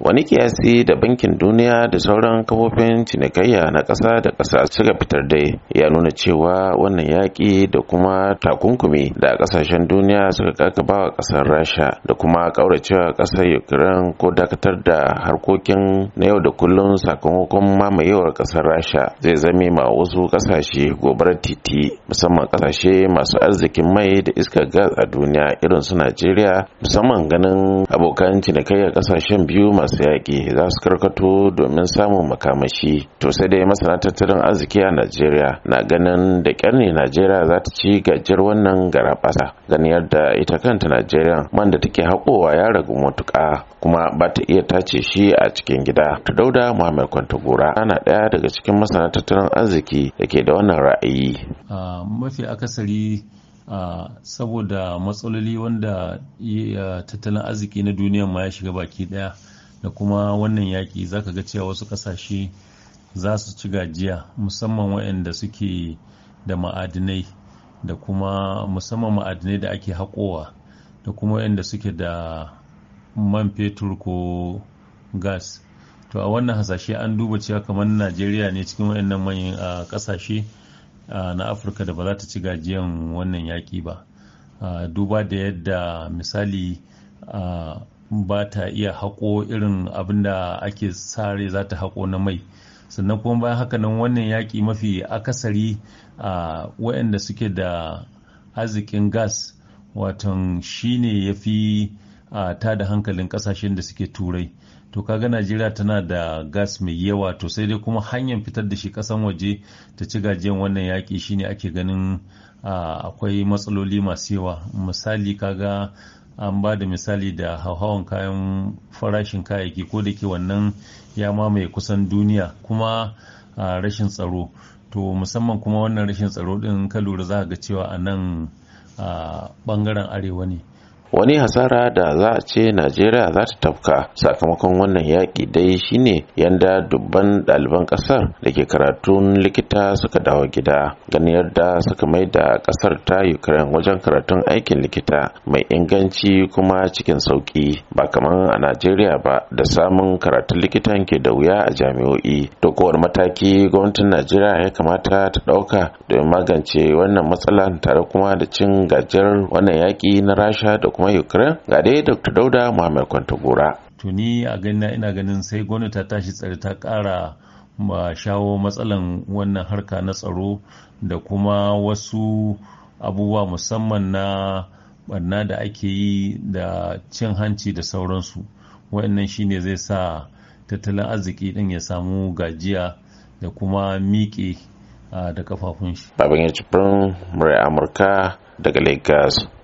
wani kiyasi da bankin duniya da sauran kafofin cinikayya na ƙasa da ƙasa suka fitar dai ya nuna cewa wannan yaƙi da kuma takunkumi da ƙasashen duniya suka kakaba wa ƙasar rasha da kuma ƙauracewa ƙasar ukraine ko dakatar da harkokin na yau da kullum sakamakon mamayewar ƙasar rasha zai zame ma wasu ƙasashe gobarar titi musamman ƙasashe masu arzikin mai da iskar gas a duniya irin su najeriya musamman ganin abokan cinikayyar ƙasashen biyu masu su yaƙi za su karkato domin samun makamashi to sai dai masana tattalin arziki a najeriya na ganin da ƙyar najeriya za ta ci gajiyar wannan garaɓasa ganin yadda ita kanta najeriya man da take haƙowa ya ragu matuƙa kuma ba ta iya tace shi a cikin gida ta dauda muhammad kwantagora ana ɗaya daga cikin masana tattalin arziki da ke da wannan ra'ayi mafi akasari Uh, saboda matsaloli wanda uh, tattalin arziki na duniya ma ya shiga baki ɗaya. da kuma wannan yaƙi za ka ga cewa wasu ƙasashe za su ci gajiya musamman waɗanda suke da ma'adinai da kuma musamman ma'adinai da ake haƙowa da kuma waɗanda suke da man fetur ko gas to a wannan hasashe an duba cewa kamar najeriya ne cikin waɗannan manyan ƙasashe na afirka da ba za ta ci gajiyan wannan yaƙi ba duba da yadda misali ba ta iya haƙo irin abin da ake sare za ta haƙo na mai sannan kuma bayan haka nan wannan yaƙi mafi akasari a waɗanda suke da arzikin gas watan shine ya fi ta da hankalin ƙasashen da suke turai to kaga najeriya tana da gas mai yawa to sai dai kuma hanyar fitar da shi kasan waje ta ci gajiyan wannan yaƙi shine ake ganin akwai matsaloli masu yawa misali kaga an ba da misali da hauhawan kayan farashin kayayyaki ko da ke wannan ya mamaye kusan duniya kuma rashin tsaro to musamman kuma wannan rashin tsaro din ka lura za ga cewa a nan bangaren arewa ne wani hasara da za a ce najeriya za ta tafka sakamakon wannan yaƙi dai shine yanda dubban ɗaliban ƙasar da ke karatun likita suka dawo gida ganin yadda suka mai da ƙasar ta ukraine wajen karatun aikin likita mai inganci kuma cikin sauƙi ba kamar a najeriya ba da samun karatun likitan ke da wuya a jami'o'i Dokowar mataki gwamnatin najeriya ya kamata ta ɗauka domin magance wannan matsala tare kuma da cin gajiyar wannan yaƙi na rasha da kuma ukraine ga dai dr dauda muhammad kwantagora tuni a ganina ina ganin sai gwamnati ta tashi tsare ta kara ma shawo matsalan wannan harka na tsaro da kuma wasu abubuwa musamman na barna da ake yi da cin hanci da sauransu waɗannan shine zai sa tattalin arziki din ya samu gajiya da kuma miƙe da kafafun shi. Babban ya Amurka daga Lagos.